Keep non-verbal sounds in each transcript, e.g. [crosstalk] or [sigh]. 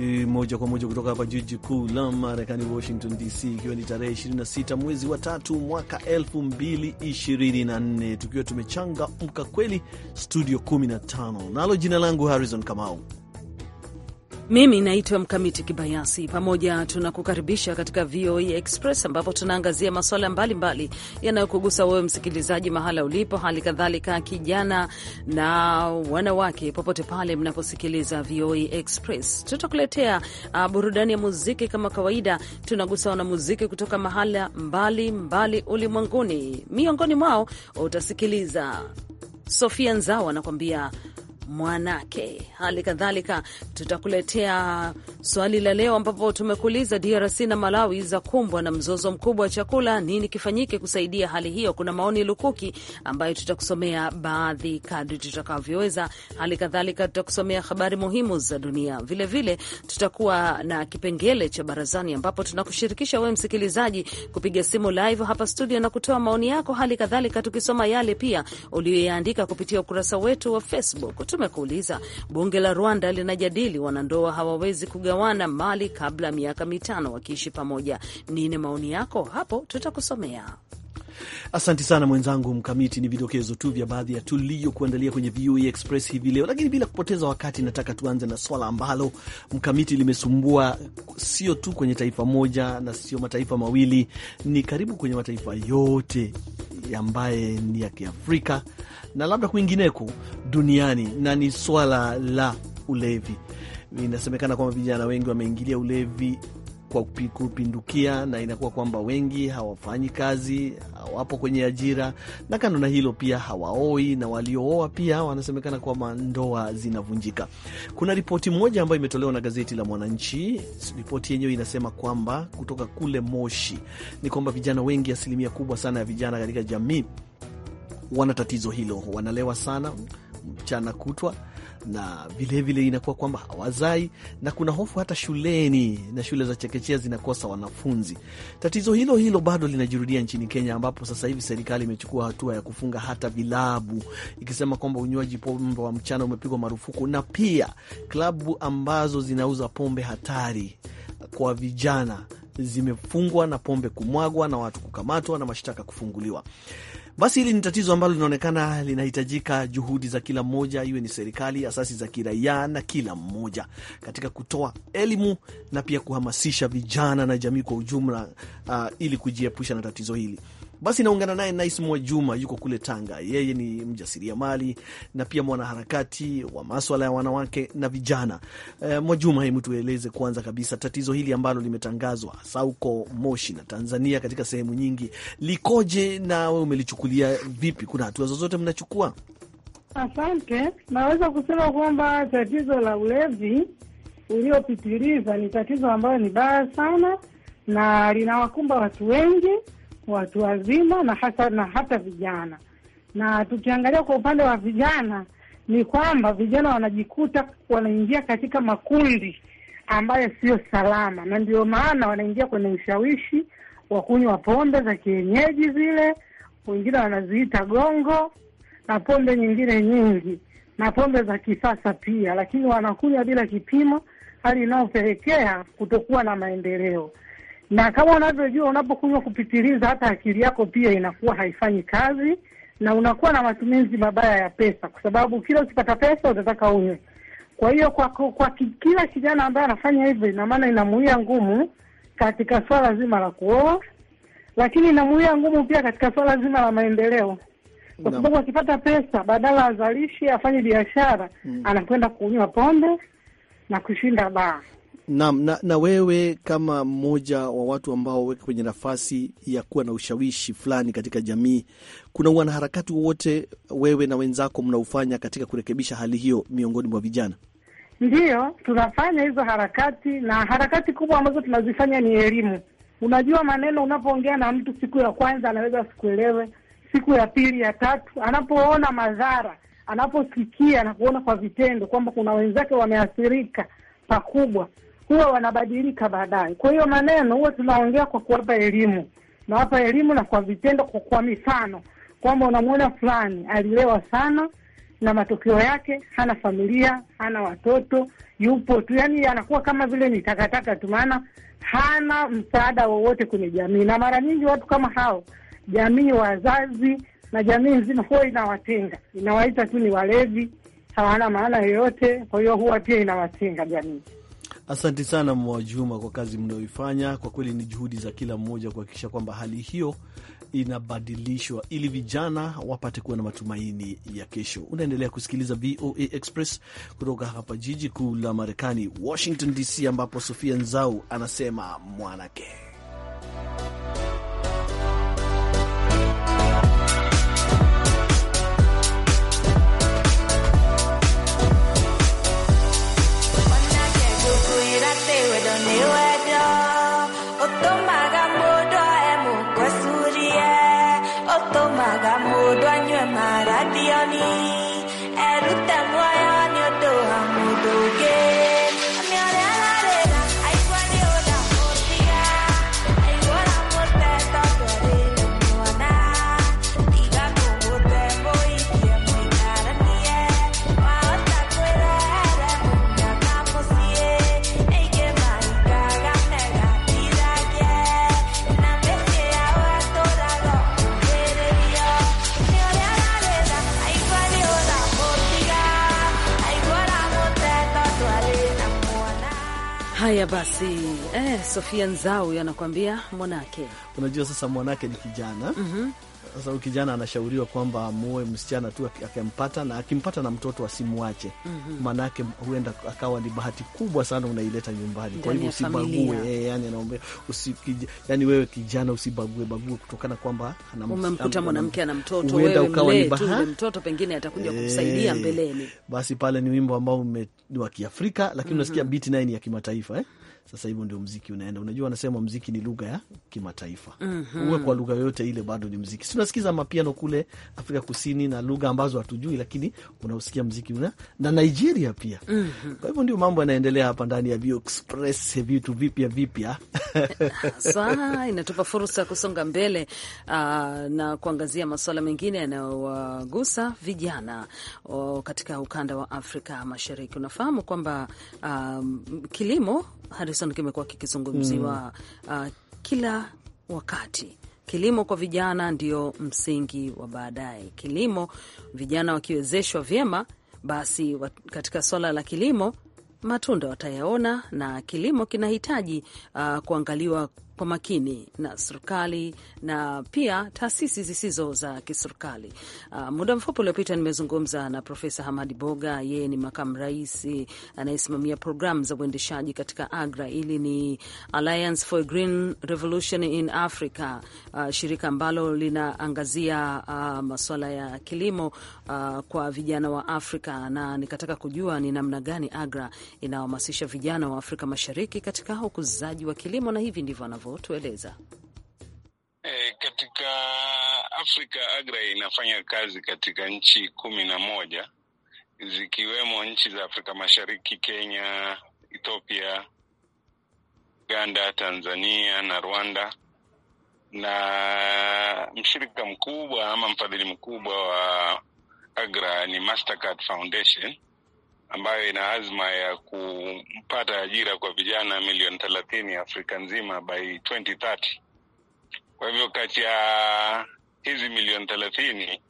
E, moja kwa moja kutoka hapa jiji kuu la Marekani, Washington DC, ikiwa ni tarehe 26 mwezi wa tatu mwaka 2024 tukiwa tumechanga mka kweli, studio 15, nalo jina langu Harrison Kamau mimi naitwa Mkamiti Kibayasi. Pamoja tunakukaribisha katika VOA e Express ambapo tunaangazia masuala mbalimbali yanayokugusa wewe msikilizaji, mahala ulipo, hali kadhalika kijana na wanawake, popote pale mnaposikiliza VOA e Express. Tutakuletea uh, burudani ya muziki kama kawaida. Tunagusa wanamuziki kutoka mahala mbalimbali ulimwenguni. Miongoni mwao utasikiliza Sofia Nzao anakuambia mwanake. Hali kadhalika tutakuletea swali la leo, ambapo tumekuuliza DRC na Malawi za kumbwa na mzozo mkubwa wa chakula, nini kifanyike kusaidia hali hiyo? Kuna maoni lukuki ambayo tutakusomea baadhi kadri tutakavyoweza. Hali kadhalika tutakusomea habari muhimu za dunia, vilevile tutakuwa na kipengele cha barazani, ambapo tunakushirikisha wewe msikilizaji kupiga simu live hapa studio na kutoa maoni yako, hali kadhalika tukisoma yale pia uliyoyaandika kupitia ukurasa wetu wa Facebook tumekuuliza bunge la Rwanda linajadili wanandoa hawawezi kugawana mali kabla ya miaka mitano wakiishi pamoja. Nini maoni yako hapo? Tutakusomea. asanti sana mwenzangu Mkamiti. Ni vidokezo tu vya baadhi ya tuliyokuandalia kwenye VOA Express hivi leo, lakini bila kupoteza wakati, nataka tuanze na swala ambalo Mkamiti limesumbua sio tu kwenye taifa moja na sio mataifa mawili, ni karibu kwenye mataifa yote ambaye ni ya Kiafrika na labda kwingineko duniani, na ni swala la ulevi. Inasemekana kwamba vijana wengi wameingilia ulevi kwa kupindukia, na inakuwa kwamba wengi hawafanyi kazi, hawapo kwenye ajira, na kando na hilo pia hawaoi, na waliooa pia wanasemekana kwamba ndoa zinavunjika. Kuna ripoti moja ambayo imetolewa na gazeti la Mwananchi. Ripoti yenyewe inasema kwamba kutoka kule Moshi ni kwamba vijana wengi, asilimia kubwa sana ya vijana katika jamii wana tatizo hilo, wanalewa sana mchana kutwa na vilevile inakuwa kwamba hawazai, na kuna hofu hata shuleni na shule za chekechea zinakosa wanafunzi. Tatizo hilo hilo bado linajirudia nchini Kenya, ambapo sasa hivi serikali imechukua hatua ya kufunga hata vilabu, ikisema kwamba unywaji pombe wa mchana umepigwa marufuku, na pia klabu ambazo zinauza pombe hatari kwa vijana zimefungwa na pombe kumwagwa na watu kukamatwa na mashtaka kufunguliwa. Basi hili ni tatizo ambalo linaonekana linahitajika juhudi za kila mmoja, iwe ni serikali, asasi za kiraia na kila mmoja katika kutoa elimu na pia kuhamasisha vijana na jamii kwa ujumla, uh, ili kujiepusha na tatizo hili. Basi naungana naye Nice Mwajuma, yuko kule Tanga. Yeye ni mjasiriamali na pia mwanaharakati wa maswala ya wanawake na vijana. E, Mwajuma, hebu tueleze kwanza kabisa tatizo hili ambalo limetangazwa hasa huko Moshi na Tanzania katika sehemu nyingi likoje, na umelichukulia vipi? Kuna hatua zozote mnachukua? Asante. Naweza kusema kwamba tatizo la ulevi uliopitiliza ni tatizo ambayo ni baya sana na linawakumba watu wengi watu wazima na hasa na hata vijana. Na tukiangalia kwa upande wa vijana, ni kwamba vijana wanajikuta wanaingia katika makundi ambayo siyo salama, na ndio maana wanaingia kwenye ushawishi wa kunywa pombe za kienyeji zile, wengine wanaziita gongo na pombe nyingine nyingi na pombe za kisasa pia, lakini wanakunywa bila kipimo, hali inayopelekea kutokuwa na maendeleo na kama unavyojua, unapokunywa kupitiliza, hata akili yako pia inakuwa haifanyi kazi, na unakuwa na matumizi mabaya ya pesa, kwa sababu kila ukipata pesa utataka unywe. Kwa hiyo kwa, kwa, kwa kila kijana ambaye anafanya hivyo, ina maana inamuia ngumu katika swala zima la kuoa, lakini inamuia ngumu pia katika swala zima la maendeleo, kwa sababu akipata pesa, badala azalishe afanye biashara mm, anakwenda kunywa pombe na kushinda baa na, na, na wewe kama mmoja wa watu ambao weka kwenye nafasi ya kuwa na ushawishi fulani katika jamii, kuna wanaharakati wowote wewe na wenzako mnaofanya katika kurekebisha hali hiyo miongoni mwa vijana? Ndiyo, tunafanya hizo harakati, na harakati kubwa ambazo tunazifanya ni elimu. Unajua, maneno unapoongea na mtu siku ya kwanza anaweza asikuelewe, siku ya pili, ya tatu, anapoona madhara, anaposikia na kuona kwa vitendo kwamba kuna wenzake wameathirika pakubwa, huwa wanabadilika baadaye. Kwa hiyo maneno huwa tunaongea kwa kuwapa elimu, nawapa elimu na kwa vitendo, kwa kuwa mifano kwamba unamwona fulani alilewa sana na matokeo yake hana familia, hana watoto, yupo tu, yani anakuwa kama vile ni takataka tu, maana hana msaada wowote kwenye jamii. Na mara nyingi watu kama hao, jamii, wazazi na jamii nzima huwa inawatenga, inawaita tu ni walevi, hawana maana yoyote. Kwa hiyo huwa pia inawatenga jamii. Asante sana Mwajuma kwa kazi mnayoifanya. Kwa kweli ni juhudi za kila mmoja kuhakikisha kwamba hali hiyo inabadilishwa ili vijana wapate kuwa na matumaini ya kesho. Unaendelea kusikiliza VOA Express kutoka hapa jiji kuu la Marekani, Washington DC, ambapo Sofia Nzau anasema mwanake basi eh, Sofia Nzau anakuambia mwanake. Unajua sasa mwanake ni kijana mm -hmm. Sasa huyu kijana anashauriwa kwamba muoe msichana tu akampata, na akimpata na mtoto asimwache mhm. maanake, mm -hmm. huenda akawa ni bahati kubwa sana unaileta nyumbani. Kwa hivyo usibague e, yani, anaombea usi, yani wewe kijana usibague bague kutokana kwamba umemkuta mwanamke ana mtoto, wewe ukawa ni bahati mtoto pengine atakuja eh, kukusaidia mbeleni. Basi pale ni wimbo ambao ni wa Kiafrika, lakini mhm. unasikia mm -hmm. biti naye ni ya kimataifa eh? Sasa hivyo ndio mziki unaenda. Unajua, anasema mziki ni lugha ya kimataifa mm -hmm. Uwe kwa lugha yoyote ile, bado ni mziki. Tunasikiza mapiano kule Afrika Kusini na lugha ambazo hatujui, lakini unausikia mziki una na Nigeria pia mm -hmm. Kwa hivyo ndio mambo yanaendelea hapa ndani ya Bio Express, vitu vipya vipya [laughs] saa inatupa fursa ya kusonga mbele uh, na kuangazia masuala mengine yanayowagusa uh, vijana uh, katika ukanda wa Afrika Mashariki. Unafahamu kwamba uh, kilimo hususan kimekuwa kikizungumziwa mm. uh, kila wakati. Kilimo kwa vijana ndio msingi wa baadaye. Kilimo vijana wakiwezeshwa vyema, basi katika swala la kilimo matunda watayaona, na kilimo kinahitaji uh, kuangaliwa kwa makini na serikali na pia taasisi zisizo za kiserikali. Uh, muda mfupi uliopita nimezungumza na Profesa Hamadi Boga, yeye ni makamu rais anayesimamia programu za uendeshaji katika AGRA. ili ni Alliance for Green Revolution in Africa, uh, shirika ambalo linaangazia uh, ah, masuala ya kilimo uh, kwa vijana wa Afrika, na nikataka kujua ni namna gani AGRA inawahamasisha vijana wa Afrika Mashariki katika ukuzaji wa kilimo, na hivi ndivyo anavyo anavyotueleza. E, katika Afrika Agra inafanya kazi katika nchi kumi na moja zikiwemo nchi za Afrika Mashariki, Kenya, Ethiopia, Uganda, Tanzania na Rwanda na mshirika mkubwa ama mfadhili mkubwa wa Agra ni Mastercard Foundation ambayo ina azma ya kupata ajira kwa vijana milioni thelathini Afrika nzima by 2030. Kwa hivyo kati ya hizi milioni thelathini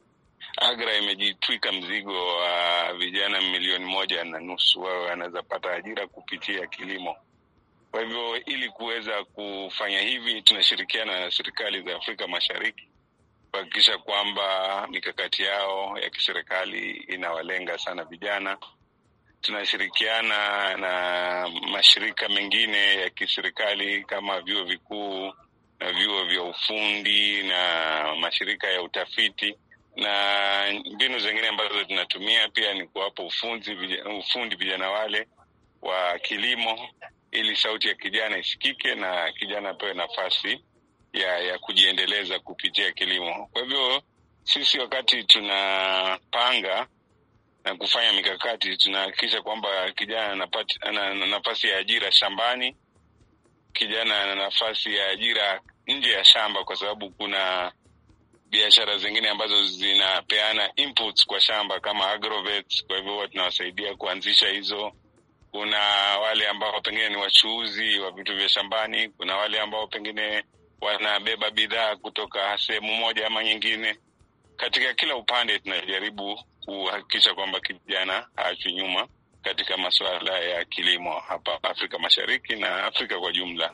Agra imejitwika mzigo wa vijana milioni moja na nusu wao wanaweza pata ajira kupitia kilimo. Kwa hivyo ili kuweza kufanya hivi, tunashirikiana na serikali za Afrika Mashariki kuhakikisha kwamba mikakati yao ya kiserikali inawalenga sana vijana tunashirikiana na mashirika mengine ya kiserikali kama vyuo vikuu na vyuo vya ufundi na mashirika ya utafiti na mbinu zingine ambazo tunatumia pia ni kuwapa ufundi vijana wale wa kilimo, ili sauti ya kijana isikike na kijana apewe nafasi ya ya kujiendeleza kupitia kilimo. Kwa hivyo sisi wakati tunapanga na kufanya mikakati. Tunahakikisha kwamba kijana ana nafasi ya ajira shambani, kijana ana nafasi ya ajira nje ya shamba, kwa sababu kuna biashara zingine ambazo zinapeana inputs kwa shamba kama agrovet. Kwa hivyo huwa tunawasaidia kuanzisha hizo. Kuna wale ambao pengine ni wachuuzi wa vitu vya shambani, kuna wale ambao pengine wanabeba bidhaa kutoka sehemu moja ama nyingine. Katika kila upande tunajaribu kuhakikisha kwamba kijana haachwi nyuma katika masuala ya kilimo hapa Afrika Mashariki na Afrika kwa jumla.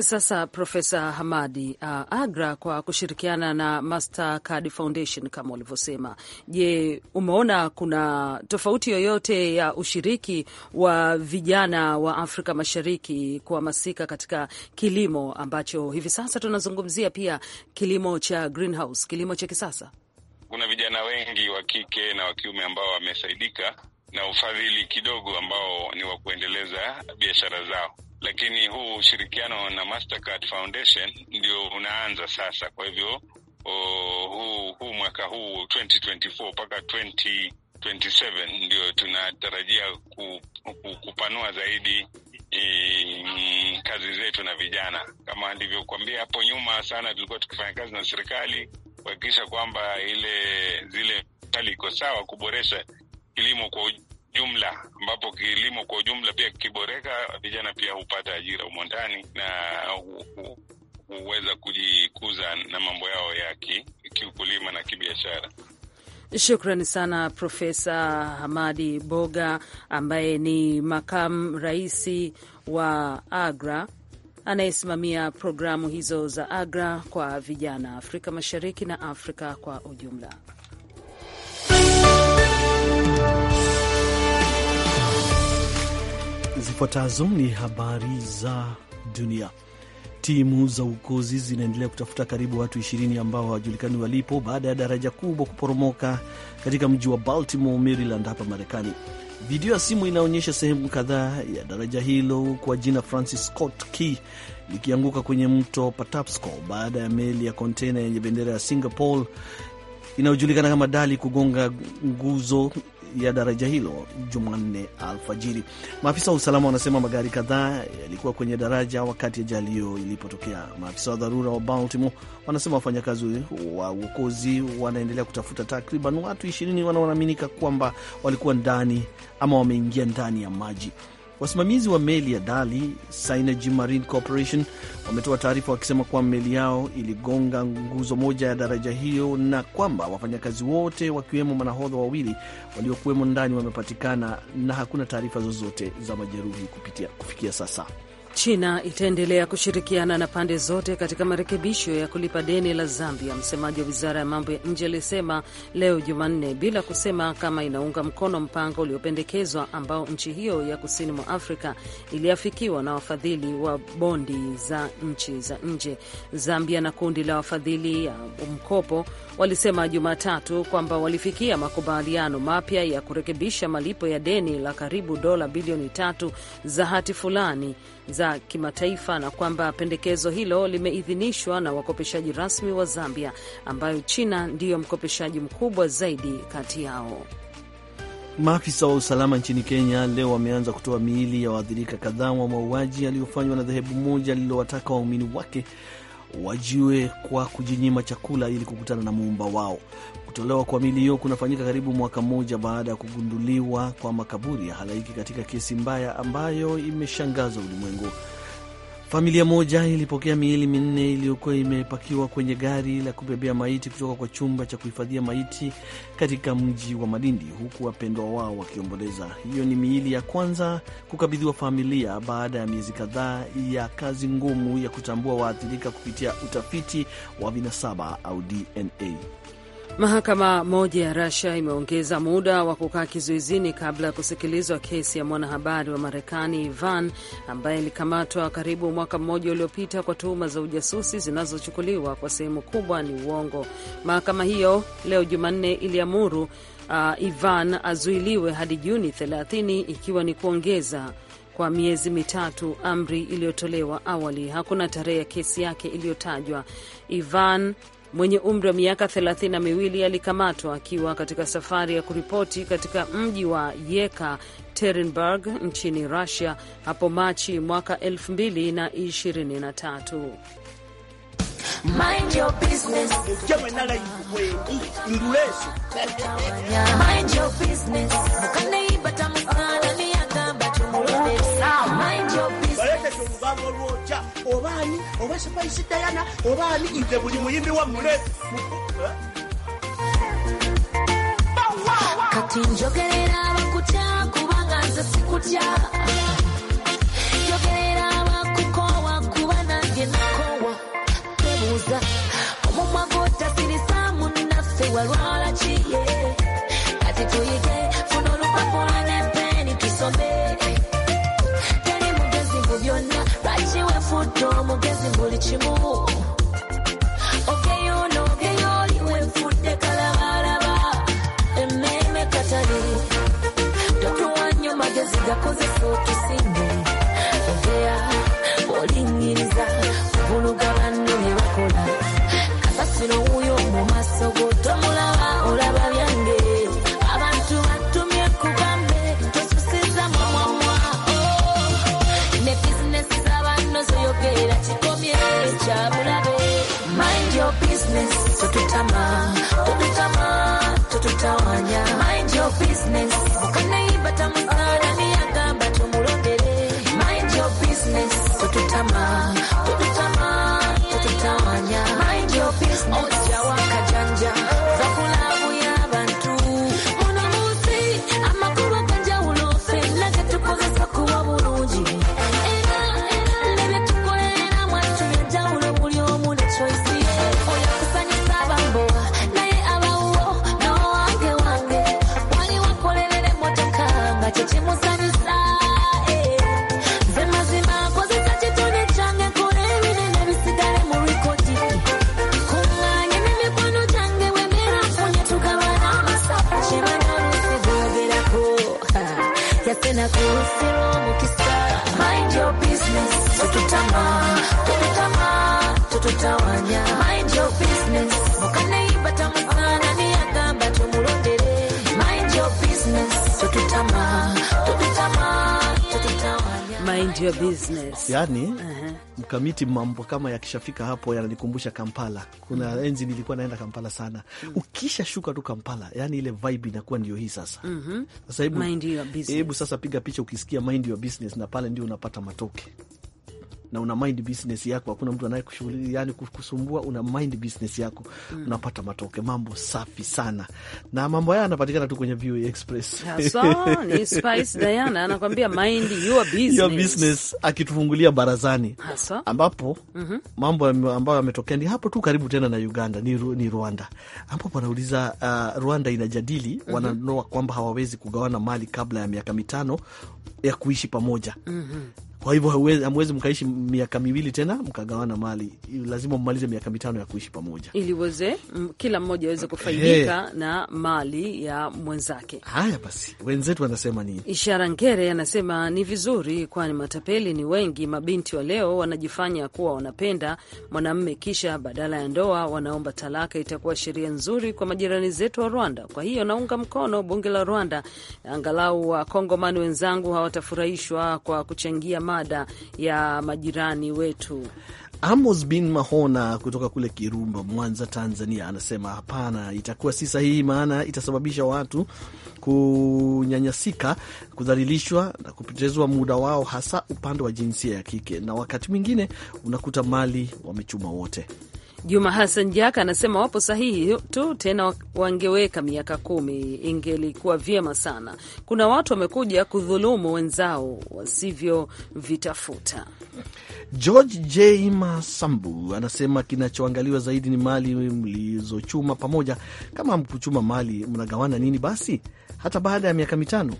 Sasa Profesa Hamadi uh, Agra, kwa kushirikiana na Mastercard Foundation kama ulivyosema, je, umeona kuna tofauti yoyote ya ushiriki wa vijana wa Afrika Mashariki kuhamasika katika kilimo ambacho hivi sasa tunazungumzia, pia kilimo cha greenhouse, kilimo cha kisasa? kuna vijana wengi wa kike na wa kiume ambao wamesaidika na ufadhili kidogo ambao ni wa kuendeleza biashara zao, lakini huu ushirikiano na Mastercard Foundation ndio unaanza sasa. Kwa hivyo huu, huu mwaka huu 2024 mpaka 2027 ndio tunatarajia ku, ku, kupanua zaidi E, kazi zetu na vijana. Kama nilivyokuambia hapo nyuma sana, tulikuwa tukifanya kazi na serikali, kuhakikisha kwamba ile zile hali iko sawa, kuboresha kilimo kwa jumla, ambapo kilimo kwa ujumla pia kiboreka, vijana pia hupata ajira humo ndani na huweza kujikuza na mambo yao ya kiukulima na kibiashara. Shukrani sana Profesa Hamadi Boga ambaye ni makamu raisi wa AGRA anayesimamia programu hizo za AGRA kwa vijana Afrika Mashariki na Afrika kwa ujumla. Zifuatazo ni habari za dunia. Timu za uokozi zinaendelea kutafuta karibu watu 20 ambao hawajulikani walipo baada ya daraja kubwa kuporomoka katika mji wa Baltimore, Maryland, hapa Marekani. Video ya simu inaonyesha sehemu kadhaa ya daraja hilo kwa jina Francis Scott Key likianguka kwenye mto Patapsco baada ya meli ya kontena yenye bendera ya Singapore inayojulikana kama Dali kugonga nguzo ya daraja hilo Jumanne alfajiri. Maafisa wa usalama wanasema magari kadhaa yalikuwa kwenye daraja wakati ajali hiyo ilipotokea. Maafisa wa dharura wa Baltimore wanasema wafanyakazi wa uokozi wanaendelea kutafuta takriban watu ishirini wanaoaminika kwamba walikuwa ndani ama wameingia ndani ya maji. Wasimamizi wa meli ya Dali Synergy Marine Corporation wametoa taarifa wakisema kwamba meli yao iligonga nguzo moja ya daraja hiyo na kwamba wafanyakazi wote wakiwemo manahodha wawili waliokuwemo ndani wamepatikana na hakuna taarifa zozote za majeruhi kupitia kufikia sasa. China itaendelea kushirikiana na pande zote katika marekebisho ya kulipa deni la Zambia, msemaji wa wizara ya mambo ya nje alisema leo Jumanne, bila kusema kama inaunga mkono mpango uliopendekezwa ambao nchi hiyo ya kusini mwa Afrika iliafikiwa na wafadhili wa bondi za nchi za nje. Zambia na kundi la wafadhili ya mkopo walisema Jumatatu kwamba walifikia makubaliano mapya ya kurekebisha malipo ya deni la karibu dola bilioni tatu za hati fulani za kimataifa na kwamba pendekezo hilo limeidhinishwa na wakopeshaji rasmi wa Zambia, ambayo China ndiyo mkopeshaji mkubwa zaidi kati yao. Maafisa wa usalama nchini Kenya leo wameanza kutoa miili ya waathirika kadhaa wa mauaji yaliyofanywa na dhehebu moja lililowataka waumini wake wajiwe kwa kujinyima chakula ili kukutana na muumba wao. Kutolewa kwa mili hiyo kunafanyika karibu mwaka mmoja baada ya kugunduliwa kwa makaburi ya halaiki katika kesi mbaya ambayo imeshangaza ulimwengu. Familia moja ilipokea miili minne iliyokuwa imepakiwa kwenye gari la kubebea maiti kutoka kwa chumba cha kuhifadhia maiti katika mji wa Malindi, huku wapendwa wao wakiomboleza. Hiyo ni miili ya kwanza kukabidhiwa familia baada ya miezi kadhaa ya kazi ngumu ya kutambua waathirika kupitia utafiti wa vinasaba au DNA. Mahakama moja ya rasia imeongeza muda wa kukaa kizuizini kabla ya kusikilizwa kesi ya mwanahabari wa Marekani Ivan ambaye alikamatwa karibu mwaka mmoja uliopita kwa tuhuma za ujasusi zinazochukuliwa kwa sehemu kubwa ni uongo. Mahakama hiyo leo Jumanne iliamuru uh, Ivan azuiliwe hadi Juni 30 ikiwa ni kuongeza kwa miezi mitatu amri iliyotolewa awali. Hakuna tarehe ya kesi yake iliyotajwa. Ivan mwenye umri wa miaka thelathini na miwili alikamatwa akiwa katika safari ya kuripoti katika mji wa yeka terenburg nchini Russia hapo Machi mwaka 2023. Mind your obaani oba sipaisi dayana nze buli muyimbi kati njogerera bakutya kubanga nze sikutya mapenzi mbulichimuvu yani uh -huh. Mkamiti, mambo kama yakishafika hapo yananikumbusha Kampala. Kuna mm -hmm. enzi nilikuwa naenda Kampala sana mm -hmm. Ukisha shuka tu Kampala, yani ile vibe inakuwa ndio hii sasa. mm -hmm. Sasa hebu sasa piga picha ukisikia mind your business, na pale ndio unapata matoke na una mind business yako, hakuna mtu anayekushughulia yani kukusumbua, una mind business yako mm. Unapata matoke, mambo safi sana, na mambo haya yanapatikana tu kwenye VOA Express Yeah, so, Ni Spice Diana anakuambia mind your business, your business, akitufungulia barazani haswa, ambapo mm -hmm. mambo ambayo yametokea ni hapo tu karibu tena na Uganda ni, ni Rwanda ambapo wanauliza uh, Rwanda inajadili mm -hmm. wananoa kwamba hawawezi kugawana mali kabla ya miaka mitano ya kuishi pamoja mm -hmm kwa hivyo hamwezi mkaishi miaka miwili tena mkagawana mali, lazima mmalize miaka mitano ya kuishi pamoja, ili weze kila mmoja aweze kufaidika hey, eh. na mali ya mwenzake. Haya basi, wenzetu wanasema nini? Ishara Ngere anasema ni vizuri, kwani matapeli ni wengi. Mabinti wa leo wanajifanya kuwa wanapenda mwanamme, kisha badala ya ndoa wanaomba talaka. Itakuwa sheria nzuri kwa majirani zetu wa Rwanda. Kwa hiyo naunga mkono bunge la Rwanda, angalau wakongomani wenzangu hawatafurahishwa kwa kuchangia mada ya majirani wetu. Amos bin Mahona kutoka kule Kirumba, Mwanza, Tanzania, anasema hapana, itakuwa si sahihi, maana itasababisha watu kunyanyasika, kudhalilishwa na kupotezwa muda wao, hasa upande wa jinsia ya kike, na wakati mwingine unakuta mali wamechuma wote. Juma Hassan jaka anasema wapo sahihi tu, tena wangeweka miaka kumi, ingelikuwa vyema sana. Kuna watu wamekuja kudhulumu wenzao wasivyovitafuta. George J Masambu anasema kinachoangaliwa zaidi ni mali mlizochuma pamoja. Kama mkuchuma mali mnagawana nini basi, hata baada ya miaka mitano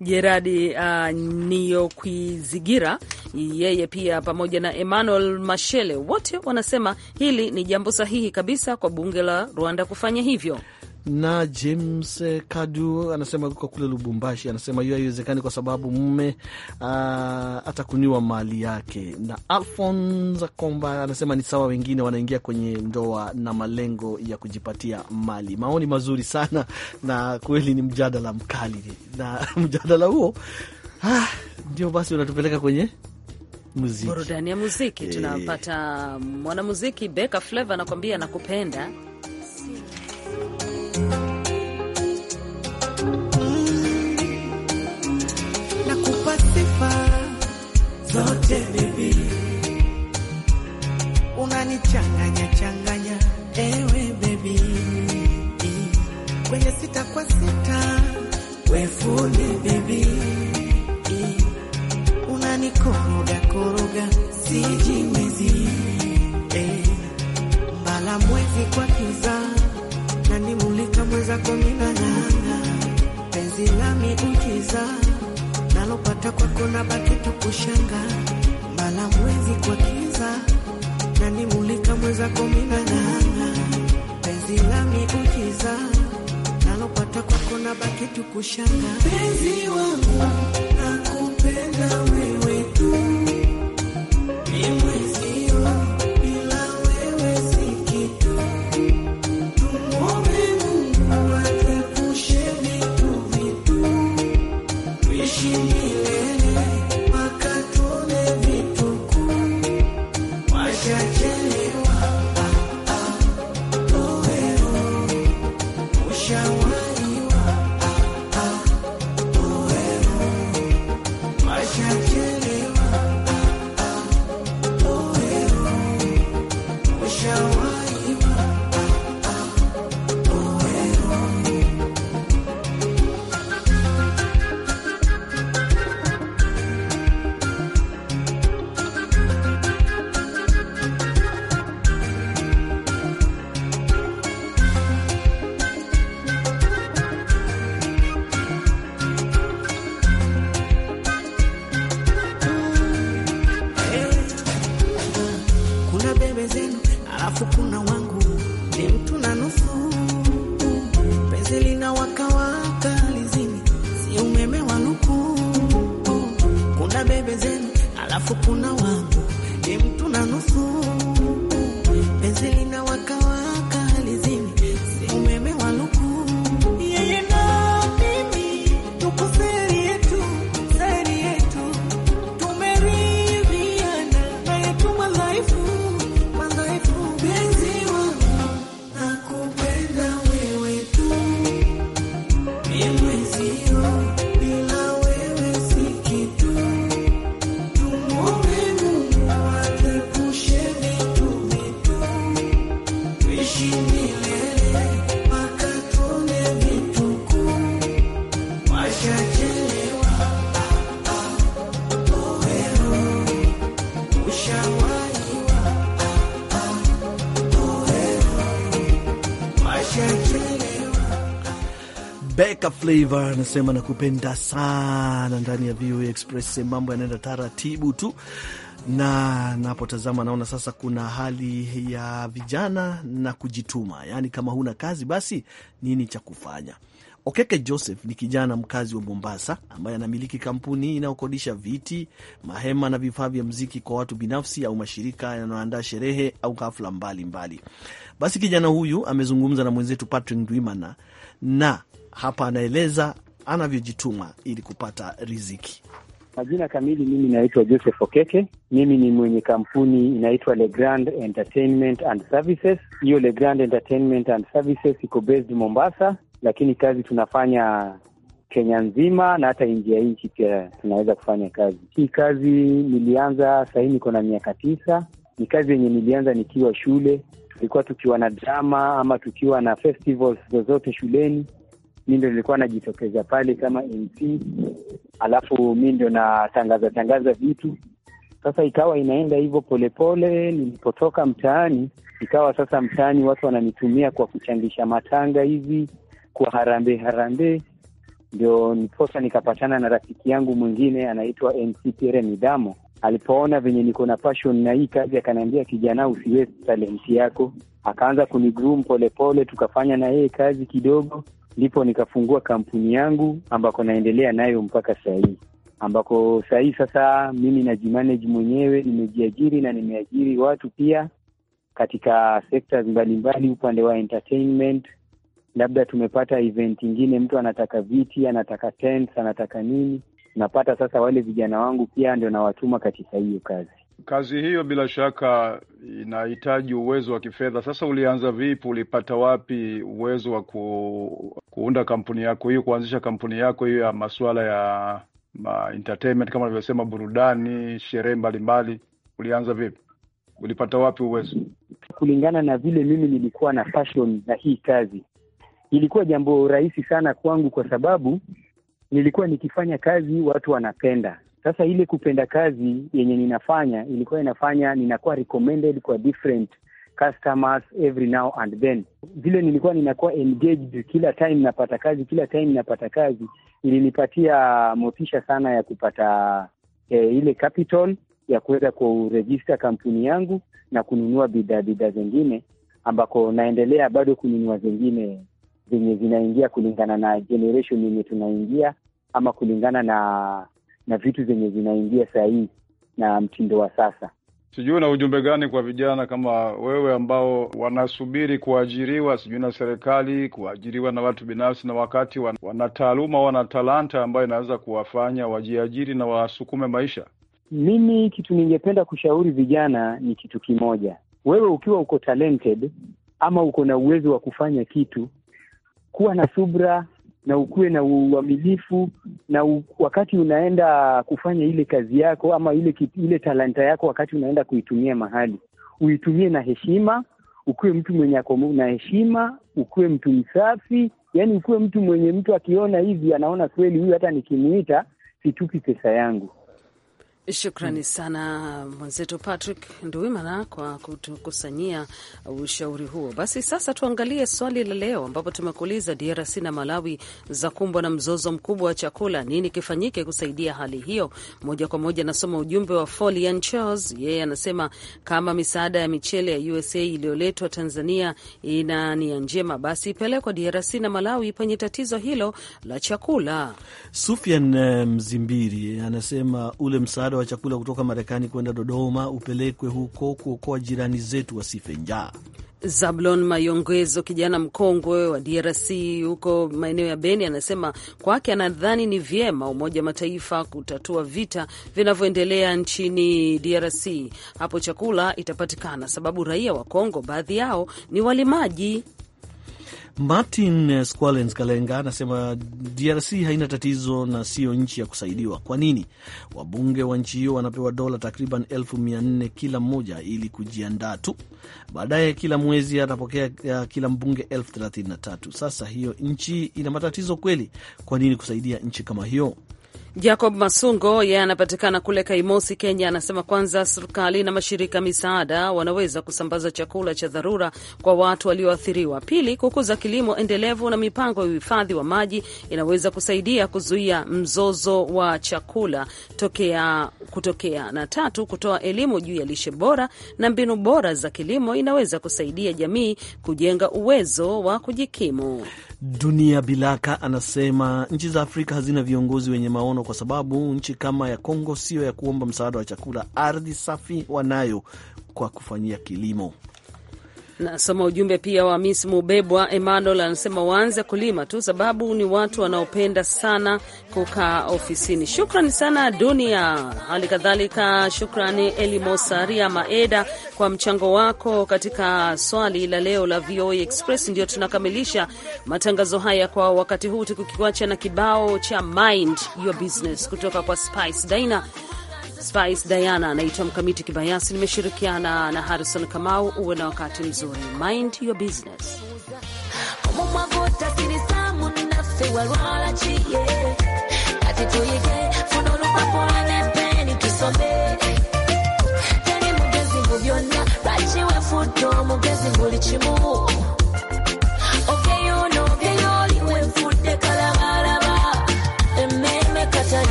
Jeradi [laughs] uh, Niokwizigira yeye pia pamoja na Emmanuel Mashele wote wanasema hili ni jambo sahihi kabisa kwa bunge la Rwanda kufanya hivyo na James Kadu anasema kwa kule Lubumbashi, anasema hiyo haiwezekani kwa sababu mume ah, atakuniwa mali yake. Na Alfonsa Komba anasema ni sawa, wengine wanaingia kwenye ndoa na malengo ya kujipatia mali. Maoni mazuri sana, na kweli ni mjadala mkali, na [laughs] mjadala huo ah, ndio basi unatupeleka kwenye muziki, burudani ya muziki. Tunampata eh. mwanamuziki Beka Fleva anakuambia nakupenda. sifa zote bibi, unanichanganya changanya, ewe bebi, kwenye sita kwa sita wefuni bibi, unanikoroga koroga siji mwezi mbala mwezi kwa kiza nanimulika mweza kominanana penzi lami ukiza nalopata kwako na baki tukushanga mbala mwezi kwa kiza nani mulika mweza kominanana penzi la miujiza nalopata kwako na baki tukushanga penzi wangu nakupenda Flavor anasema nakupenda sana ndani ya VOA Express. Mambo yanaenda taratibu tu, na napotazama naona sasa kuna hali ya vijana na kujituma, yaani kama huna kazi basi nini cha kufanya. Okeke Joseph ni kijana mkazi wa Mombasa ambaye anamiliki kampuni inayokodisha viti, mahema na vifaa vya mziki kwa watu binafsi au mashirika yanayoandaa sherehe au hafla mbalimbali. Basi kijana huyu amezungumza na mwenzetu Patrick Ndwimana na hapa anaeleza anavyojituma ili kupata riziki. Majina kamili, mimi naitwa Joseph Okeke. Mimi ni mwenye kampuni inaitwa Legrand Entertainment and Services. Hiyo Legrand Entertainment and Services iko based Mombasa, lakini kazi tunafanya Kenya nzima na hata nje ya nchi pia tunaweza kufanya kazi hii. Kazi nilianza sahii, niko na miaka tisa. Ni kazi yenye nilianza nikiwa shule, tulikuwa tukiwa na drama ama tukiwa na festivals zozote shuleni mi ndo nilikuwa najitokeza pale kama MC, alafu mi ndio natangaza tangaza vitu. Sasa ikawa inaenda hivyo polepole. Nilipotoka mtaani, ikawa sasa mtaani watu wananitumia kwa kuchangisha matanga hivi, kwa harambee harambee. Ndio niposa nikapatana na rafiki yangu mwingine anaitwa MC Pierre Midamo. Alipoona venye niko na passion na hii kazi, akaniambia kijana, usiwezi talenti yako. Akaanza kunigroom polepole, tukafanya na yeye kazi kidogo ndipo nikafungua kampuni yangu ambako naendelea nayo mpaka sahii, ambako sahii sasa mimi najimanage mwenyewe, nimejiajiri na nimeajiri watu pia katika sekta mbalimbali, upande wa entertainment. Labda tumepata event ingine, mtu anataka viti, anataka tents, anataka nini, napata sasa. Wale vijana wangu pia ndio nawatuma katika hiyo kazi. Kazi hiyo bila shaka inahitaji uwezo wa kifedha. Sasa ulianza vipi? Ulipata wapi uwezo wa ku, kuunda kampuni yako hiyo, kuanzisha kampuni yako hiyo ya masuala ya ma entertainment kama ulivyosema, burudani, sherehe mbalimbali? Ulianza vipi? Ulipata wapi uwezo? Kulingana na vile mimi nilikuwa na passion na hii kazi, ilikuwa jambo rahisi sana kwangu, kwa sababu nilikuwa nikifanya kazi watu wanapenda sasa ile kupenda kazi yenye ninafanya ilikuwa inafanya ninakuwa recommended kwa different customers every now and then. Vile nilikuwa ninakuwa engaged kila time napata kazi, kila time napata kazi, ilinipatia motisha sana ya kupata eh, ile capital ya kuweza kurejista kampuni yangu na kununua bidhaa bidhaa zingine ambako naendelea bado kununua zingine zenye zinaingia kulingana na generation yenye tunaingia ama kulingana na na vitu zenye zinaingia sahihi na mtindo wa sasa. Sijui una ujumbe gani kwa vijana kama wewe ambao wanasubiri kuajiriwa, sijui na serikali, kuajiriwa na watu binafsi, na wakati wana taaluma, wana talanta ambayo inaweza kuwafanya wajiajiri na wasukume maisha? Mimi kitu ningependa kushauri vijana ni kitu kimoja. Wewe ukiwa uko talented ama uko na uwezo wa kufanya kitu, kuwa na subra na ukuwe na uaminifu na u, wakati unaenda kufanya ile kazi yako ama ile, ile talanta yako, wakati unaenda kuitumia mahali uitumie na heshima, ukuwe mtu mwenye ako na heshima, ukuwe mtu msafi, yaani ukuwe mtu mwenye mtu akiona hivi anaona kweli huyu hata nikimuita situpi pesa yangu. Shukrani mm. sana mwenzetu Patrick nduimana kwa kutukusanyia ushauri huo. Basi sasa tuangalie swali la leo, ambapo tumekuuliza DRC na Malawi za kumbwa na mzozo mkubwa wa chakula, nini kifanyike kusaidia hali hiyo? Moja kwa moja nasoma ujumbe wa Folian Charles, yeye anasema kama misaada ya michele ya USA iliyoletwa Tanzania ina nia njema, basi ipelekwa DRC na Malawi penye tatizo hilo la chakula. Sufian eh, Mzimbiri anasema ule msaada wa chakula kutoka Marekani kwenda Dodoma upelekwe huko kuokoa jirani zetu wasife njaa. Zablon Mayongezo, kijana mkongwe wa DRC huko maeneo ya Beni, anasema kwake anadhani ni vyema Umoja wa Mataifa kutatua vita vinavyoendelea nchini DRC. Hapo chakula itapatikana, sababu raia wa Kongo baadhi yao ni walimaji. Martin Squalens Kalenga anasema DRC haina tatizo na siyo nchi ya kusaidiwa. Kwa nini wabunge wa nchi hiyo wanapewa dola takriban elfu mia nne kila mmoja ili kujiandaa tu? Baadaye kila mwezi anapokea kila mbunge elfu thelathini na tatu. Sasa hiyo nchi ina matatizo kweli? Kwa nini kusaidia nchi kama hiyo? Jacob Masungo yeye anapatikana kule Kaimosi, Kenya, anasema kwanza serikali na mashirika misaada wanaweza kusambaza chakula cha dharura kwa watu walioathiriwa. Pili, kukuza kilimo endelevu na mipango ya uhifadhi wa maji inaweza kusaidia kuzuia mzozo wa chakula tokea kutokea. Na tatu, kutoa elimu juu ya lishe bora na mbinu bora za kilimo inaweza kusaidia jamii kujenga uwezo wa kujikimu. Dunia Bilaka anasema nchi za Afrika hazina viongozi wenye maono kwa sababu nchi kama ya Kongo sio ya kuomba msaada wa chakula, ardhi safi wanayo kwa kufanyia kilimo. Nasoma ujumbe pia wa Miss Mubebwa Emmanuel, anasema waanze kulima tu, sababu ni watu wanaopenda sana kukaa ofisini. Shukrani sana Dunia. Hali kadhalika shukrani Elimosaria Maeda kwa mchango wako katika swali la leo la VOA e Express. Ndio tunakamilisha matangazo haya kwa wakati huu, tukikuacha na kibao cha Mind Your Business kutoka kwa Spice Daina. Spice Diana anaitwa Mkamiti Kibayasi. Nimeshirikiana na Harrison Kamau. Uwe na wakati mzuri. Mind your business.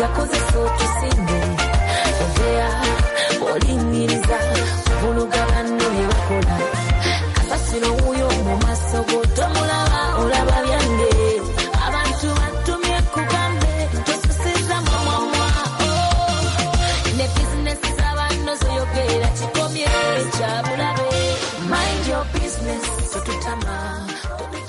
Liga coisa solta.